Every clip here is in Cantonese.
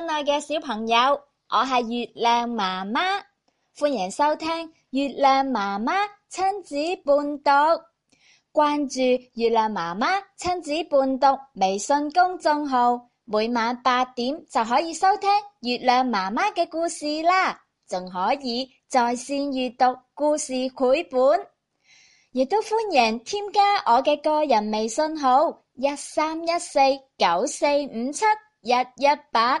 親愛嘅小朋友，我係月亮媽媽，歡迎收聽月亮媽媽親子伴讀。關注月亮媽媽親子伴讀微信公眾號，每晚八點就可以收聽月亮媽媽嘅故事啦，仲可以在綫閱讀故事繪本，亦都歡迎添加我嘅個人微信號一三一四九四五七一一八。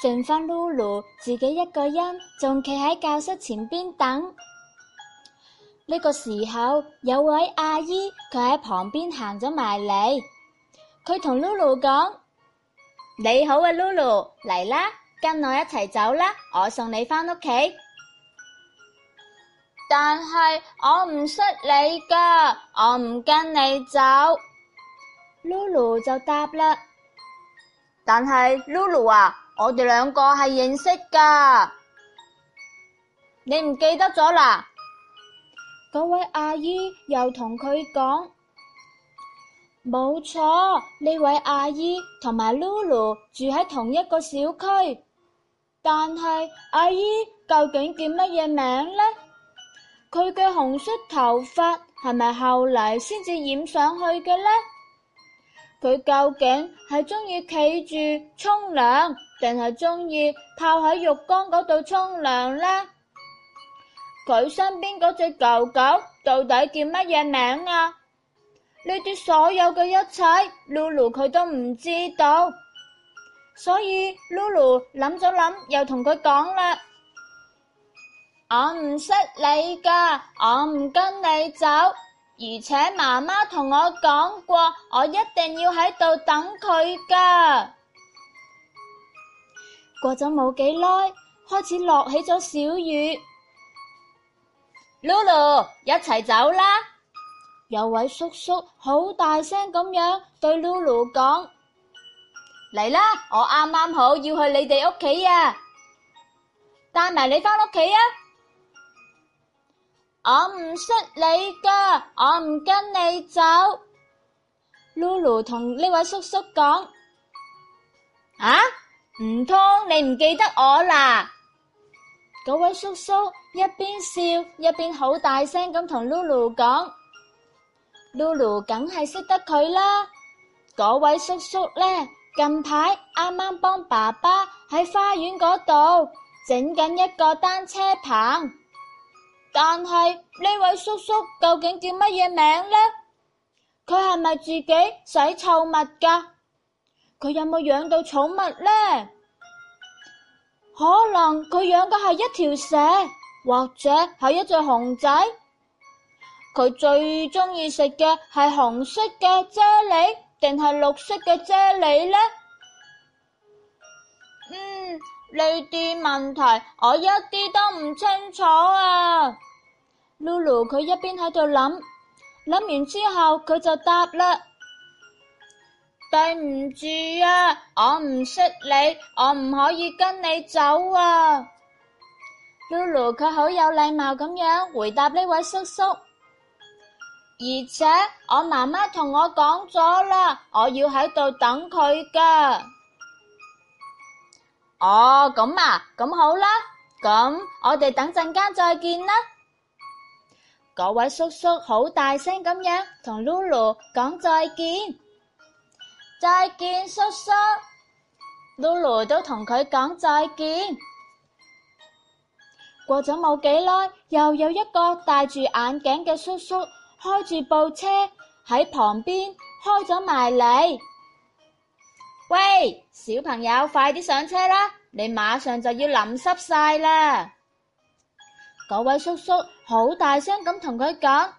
剩翻 Lulu 自己一個人，仲企喺教室前邊等。呢個時候有位阿姨佢喺旁邊行咗埋嚟，佢同 Lulu 講：你好啊，Lulu，嚟啦，跟我一齊走啦，我送你翻屋企。但係我唔識你噶，我唔跟你走。Lulu 就答啦，但係 Lulu 啊。我哋兩個係認識噶，你唔記得咗啦？嗰位阿姨又同佢講：「冇錯，呢位阿姨同埋 Lulu 住喺同一個小區，但係阿姨究竟叫乜嘢名呢？佢嘅紅色頭髮係咪後嚟先至染上去嘅呢？」佢究竟係鍾意企住沖涼，定係鍾意泡喺浴缸嗰度沖涼呢？佢身邊嗰隻狗狗到底叫乜嘢名啊？呢啲所有嘅一切，Lulu 佢都唔知道，所以 Lulu 諗咗諗，又同佢講啦：我唔識你噶，我唔跟你走。而且媽媽同我講過，我一定要喺度等佢㗎。過咗冇幾耐，開始落起咗小雨。Lulu，一齊走啦！有位叔叔好大聲咁樣對 Lulu 講：嚟啦，我啱啱好要去你哋屋企啊，帶埋你返屋企啊！我唔識你噶，我唔跟你走。Lulu 同呢位叔叔講：啊，唔通你唔記得我啦？嗰 位叔叔一邊笑一邊好大聲咁同 Lulu 講 ：Lulu 梗係識得佢啦。嗰 位叔叔咧，近排啱啱幫爸爸喺花園嗰度整緊一個單車棚。但係呢位叔叔究竟叫乜嘢名呢？佢係咪自己洗臭物㗎？佢有冇養到寵物呢？可能佢養嘅係一條蛇，或者係一隻熊仔。佢最中意食嘅係紅色嘅啫喱，定係綠色嘅啫喱呢？呢啲問題我一啲都唔清楚啊！Lulu 佢一邊喺度諗，諗完之後佢就答啦：「對唔住啊，我唔識你，我唔可以跟你走啊！」Lulu 佢好有禮貌咁樣回答呢位叔叔，而且我媽媽同我講咗啦，我要喺度等佢噶。哦，咁啊，咁好啦，咁我哋等陣間再見啦。嗰 位叔叔好大聲咁樣同 Lulu 講再見，再見叔叔，Lulu 都同佢講再見。過咗冇幾耐，又有一個戴住眼鏡嘅叔叔開住部車喺旁邊開咗埋嚟。喂，小朋友，快啲上車啦！你馬上就要淋濕晒啦！嗰位叔叔好大聲咁同佢講：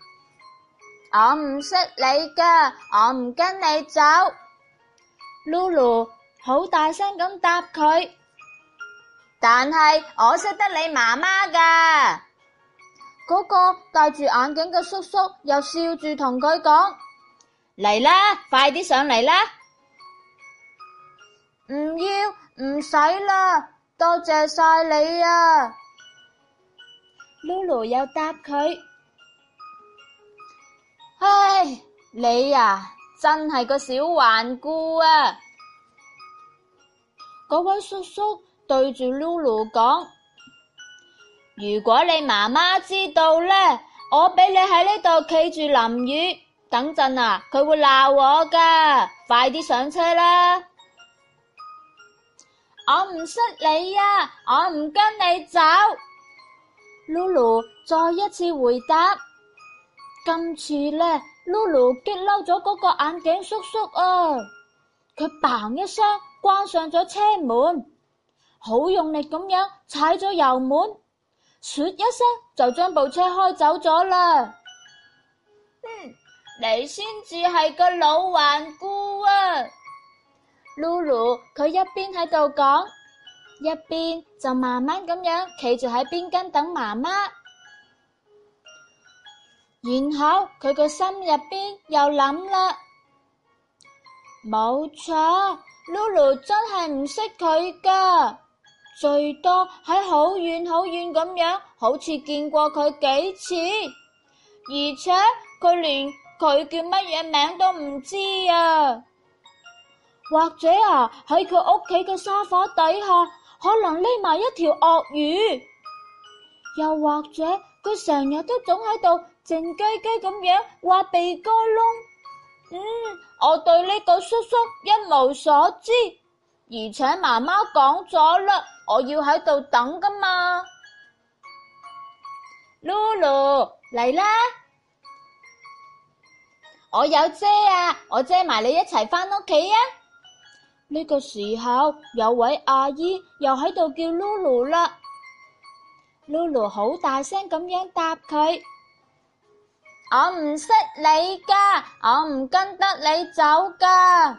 我唔識你噶，我唔跟你走。Lulu 好大聲咁答佢，但係我識得你媽媽噶。嗰個戴住眼鏡嘅叔叔又笑住同佢講：嚟啦，快啲上嚟啦！唔要唔使啦，多謝晒你啊！Lulu 又答佢：唉，你啊，真係個小頑固啊！嗰位叔叔對住 Lulu 講：如果你媽媽知道咧，我俾你喺呢度企住淋雨，等陣啊，佢會鬧我噶，快啲上車啦！我唔識你啊！我唔跟你走。Lulu 再一次回答。今次呢，Lulu 激嬲咗嗰個眼鏡叔叔啊！佢砰一聲關上咗車門，好用力咁樣踩咗油門，說一聲就將部車開走咗啦。嗯，你先至係個老頑固啊！Lulu 佢一邊喺度講，一邊就慢慢咁樣企住喺邊根等媽媽。然後佢個心入邊又諗啦，冇錯，Lulu 真係唔識佢噶，最多喺好遠好遠咁樣，好似見過佢幾次，而且佢連佢叫乜嘢名都唔知啊。或者啊，喺佢屋企嘅沙發底下，可能匿埋一條鱷魚。又或者佢成日都總喺度靜雞雞咁樣挖鼻哥窿。嗯，我對呢個叔叔一無所知，而且媽媽講咗啦，我要喺度等㗎嘛。Lulu，嚟啦，我有遮啊，我遮埋你一齊返屋企啊！呢個時候，有位阿姨又喺度叫 Lulu 啦，Lulu 好大聲咁樣答佢： 我唔識你噶，我唔跟得你走噶。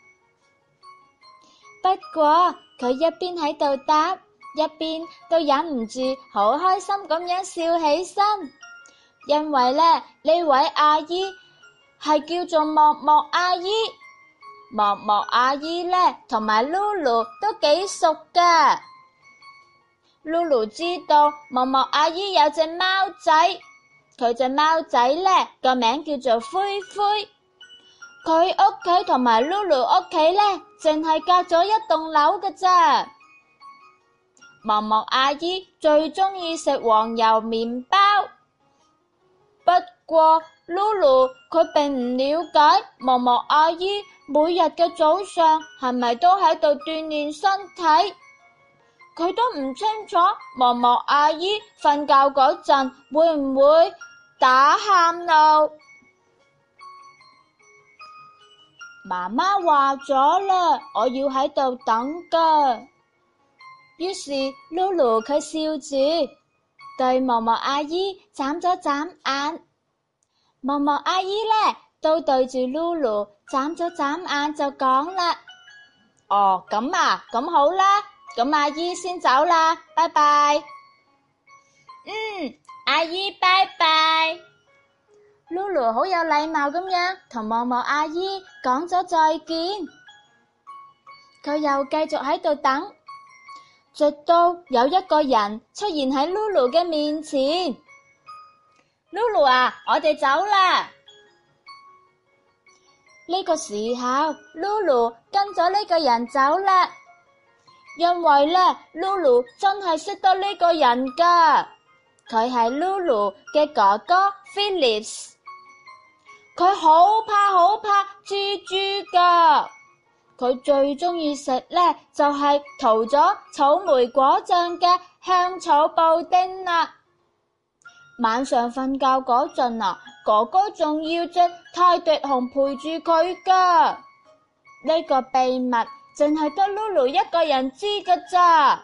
不過佢一邊喺度答，一邊都忍唔住好開心咁樣笑起身，因為咧呢位阿姨係叫做莫莫阿姨。莫莫阿姨呢，同埋嚕嚕都幾熟㗎。嚕嚕知道莫莫阿姨有隻貓仔，佢隻貓仔呢個名叫做灰灰。佢屋企同埋嚕嚕屋企呢，淨係隔咗一棟樓㗎咋。莫莫阿姨最鍾意食黃油麵包。不過，LuLu 佢並唔了解毛毛阿姨每日嘅早上係咪都喺度鍛煉身體，佢都唔清楚毛毛阿姨瞓覺嗰陣會唔會打喊露。媽媽話咗啦，我要喺度等㗎。於是 LuLu 佢笑住對毛毛阿姨眨咗眨眼。望望阿姨呢，都對住 Lulu 眨咗眨眼就講啦。哦，咁啊，咁好啦，咁阿姨先走啦，拜拜。嗯，阿姨拜拜。嗯，Lulu 好有禮貌咁樣同望望阿姨講咗再見。佢又繼續喺度等，直到有一個人出現喺 Lulu 嘅面前。Lulu 啊，我哋走啦！呢個時候，Lulu 跟咗呢個人走啦，因為呢 Lulu 真係識得呢個人噶，佢係 Lulu 嘅哥哥 Philips，佢好怕好怕蜘蛛噶，佢最中意食呢，就係、是、塗咗草莓果醬嘅香草布丁啦。晚上瞓覺嗰陣啊，哥哥仲要着泰迪熊陪住佢噶。呢個秘密淨係得露露一個人知噶咋。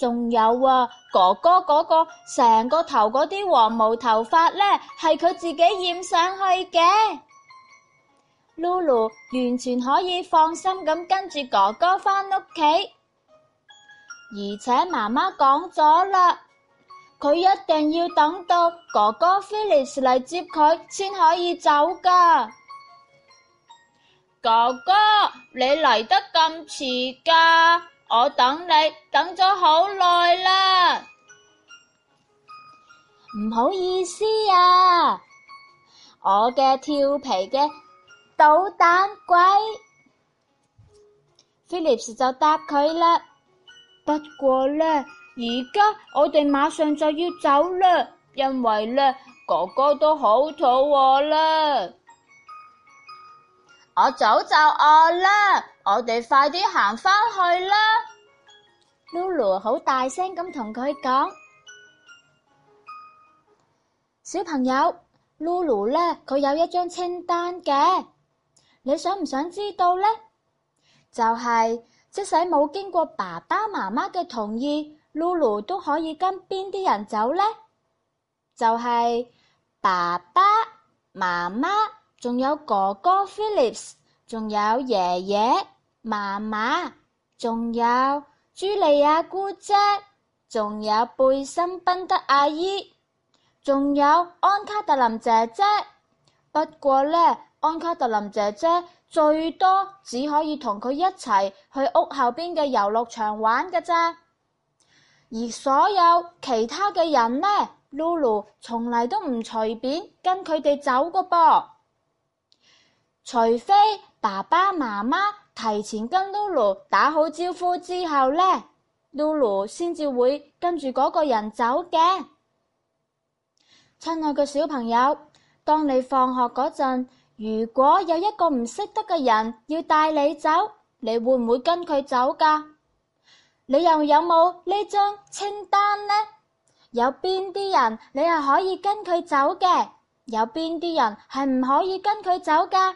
仲有啊，哥哥嗰個成個頭嗰啲黃毛頭髮呢，係佢自己染上去嘅。露露完全可以放心咁跟住哥哥返屋企，而且媽媽講咗啦。佢一定要等到哥哥菲利斯嚟接佢先可以走噶。哥哥，你嚟得咁遲噶，我等你等咗好耐啦，唔好意思啊，我嘅調皮嘅搗蛋鬼菲利斯就答佢啦。不過呢。而家我哋馬上就要走啦，因為咧哥哥都好肚餓啦，我早就餓啦，我哋快啲行返去啦。Lulu 好大聲咁同佢講，小朋友 Lulu 咧佢有一張清單嘅，你想唔想知道呢？就係即使冇經過爸爸媽媽嘅同意。露露都可以跟邊啲人走呢？就係、是、爸爸、媽媽，仲有哥哥 Philips，仲有爺爺、媽媽，仲有朱莉亞姑姐，仲有貝森賓德阿姨，仲有安卡特林姐姐。不過呢，安卡特林姐姐最多只可以同佢一齊去屋後邊嘅遊樂場玩嘅咋。而所有其他嘅人呢？Lulu 從嚟都唔隨便跟佢哋走噃。除非爸爸媽媽提前跟 Lulu 打好招呼之後呢，Lulu 先至會跟住嗰個人走嘅。親愛嘅小朋友，當你放學嗰陣，如果有一個唔識得嘅人要帶你走，你會唔會跟佢走噶？你又有冇呢張清單呢？有邊啲人你係可以跟佢走嘅？有邊啲人係唔可以跟佢走㗎？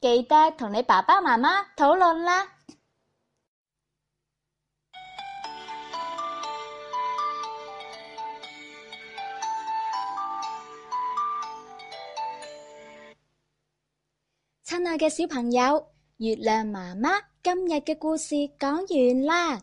記得同你爸爸媽媽討論啦。親愛嘅小朋友，月亮媽媽今日嘅故事講完啦。